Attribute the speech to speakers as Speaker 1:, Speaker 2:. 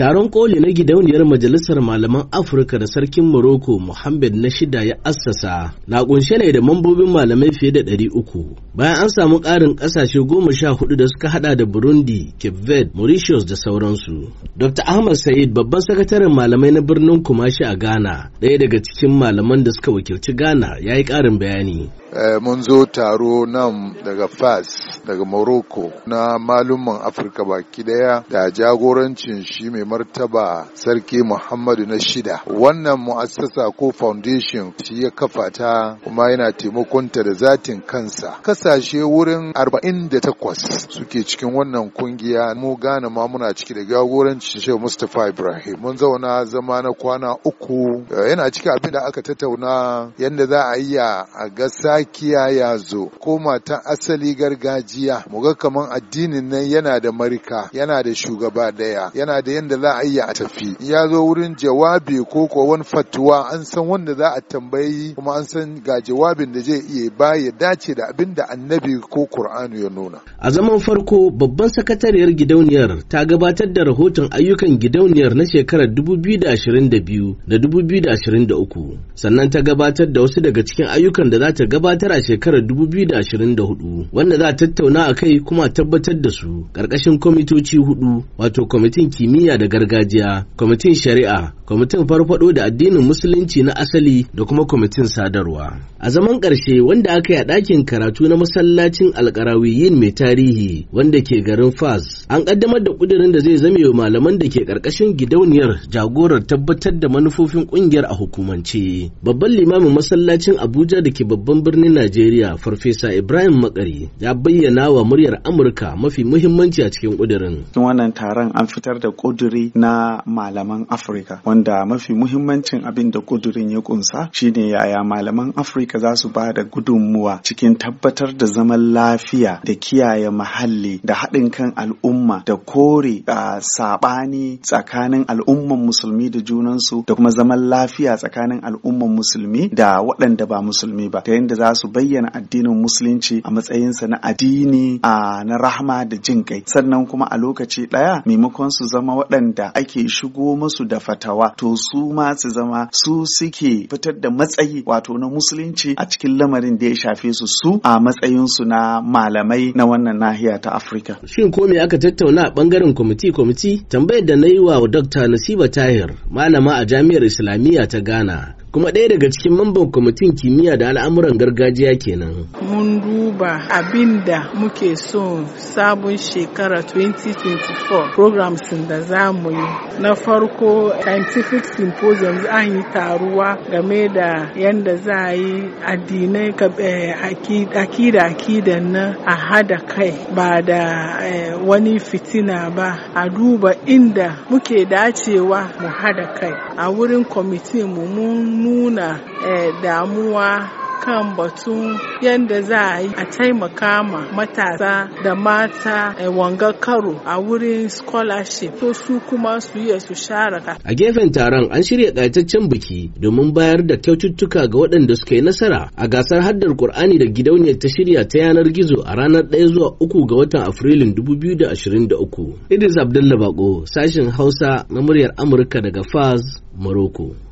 Speaker 1: Taron koli na gidauniyar Majalisar Malaman Afirka da Sarkin Morocco Mohammed na shida ya assasa na kunshe ne da mambobin malamai fiye da ɗari uku. Bayan an samu ƙarin ƙasashe goma sha hudu da suka haɗa da Burundi, Cape Verde, Mauritius da sauransu. Dr. Ahmad Said babban sakataren malamai na birnin Kumashi a Ghana, ɗaya daga cikin malaman da suka
Speaker 2: wakilci Ghana ya yi ƙarin bayani. Eh, mun zo taro nan daga fas daga morocco na malumman afirka baki daya da jagorancin shi mai martaba sarki muhammadu na shida wannan mu'assasa ko foundation shi ya kafa ta kuma yana taimakonta da zatin kansa kasashe wurin 48 suke cikin wannan kungiya mu gane ma muna ciki da jagorancin shi mustapha ibrahim mun zauna zama na kwana uku eh, yana ciki abin da aka tattauna yadda za a yi a gasa makiya ya zo ko matan asali gargajiya mu ga kaman addinin nan yana da marika yana da shugaba daya yana da yanda za a yi a tafi ya zo wurin jawabi ko ko wani fatuwa an san wanda za a tambayi kuma an san ga jawabin da zai iya ba ya dace da abin da annabi ko qur'ani ya nuna
Speaker 1: a zaman farko babban sakatariyar gidauniyar ta gabatar da rahoton ayyukan gidauniyar na shekarar 2022 da 2023 sannan ta gabatar da wasu daga cikin ayyukan da za ta gabatar gabatar a shekarar 2024 wanda za a tattauna a kai kuma tabbatar da su ƙarƙashin kwamitoci hudu wato kwamitin kimiyya da gargajiya kwamitin shari'a kwamitin farfado da addinin musulunci na asali da kuma kwamitin sadarwa a zaman ƙarshe wanda aka yi a ɗakin karatu na masallacin alkarawiyin mai tarihi wanda ke garin fas an ƙaddamar da ƙudurin da zai zame wa malaman da ke ƙarƙashin gidauniyar jagorar tabbatar da manufofin ƙungiyar a hukumance babban limamin masallacin abuja da ke babban birnin najeriya farfesa ibrahim makari ya bayyana
Speaker 3: wa muryar amurka mafi muhimmanci a cikin kudirin. wannan taron an fitar da ƙuduri na malaman afirka wanda mafi muhimmancin abin da kudurin ya kunsa shine yaya malaman Afirka za su ba da gudunmuwa cikin tabbatar da zaman lafiya da kiyaye muhalli da haɗin kan al'umma da kore a saɓani tsakanin al'umman musulmi da junansu da kuma zaman lafiya tsakanin al'umman musulmi da waɗanda ba musulmi ba ta yadda za su bayyana addinin musulunci a matsayinsa na addini a na rahama da jin kai sannan kuma a lokaci ɗaya maimakon su zama waɗanda ake shigo musu da fatawa to su ma su zama su suke fitar da matsayi wato na musulunci a cikin lamarin da ya shafe su su a matsayinsu na malamai na wannan nahiya ta Afirka. Shin ko me aka tattauna a bangaren kwamiti kwamiti tambayar da na yi wa
Speaker 1: Dr. Nasiba Tahir malama a Jami'ar Islamiyya ta Ghana kuma ɗaya daga cikin mamban kwamitin kimiyya da al'amuran gargajiya kenan.
Speaker 4: Mun duba abin da muke so sabon shekara 2024 programs da za mu yi. Na farko scientific symposium an yi taruwa game da yadda za a yi addinai eh, akida akida na a hada kai ba da eh, wani fitina ba a duba inda muke dacewa mu hada kai a wurin kwamitin mu mun nuna eh, damuwa kan batun yadda za a yi a taimaka ma matasa da mata eh, wanga karo a wurin scholarship to su kuma su yi su share ka.
Speaker 1: A gefen taron an shirya ƙayataccen biki domin bayar da kyaututtuka ga waɗanda suka yi nasara a gasar haddar Kur'ani da gidauniyar ta shirya ta yanar gizo a ranar ɗaya zuwa uku ga watan Afrilun 2023. Idris Abdullah Bako, sashen Hausa na muryar Amurka daga Faz, Morocco.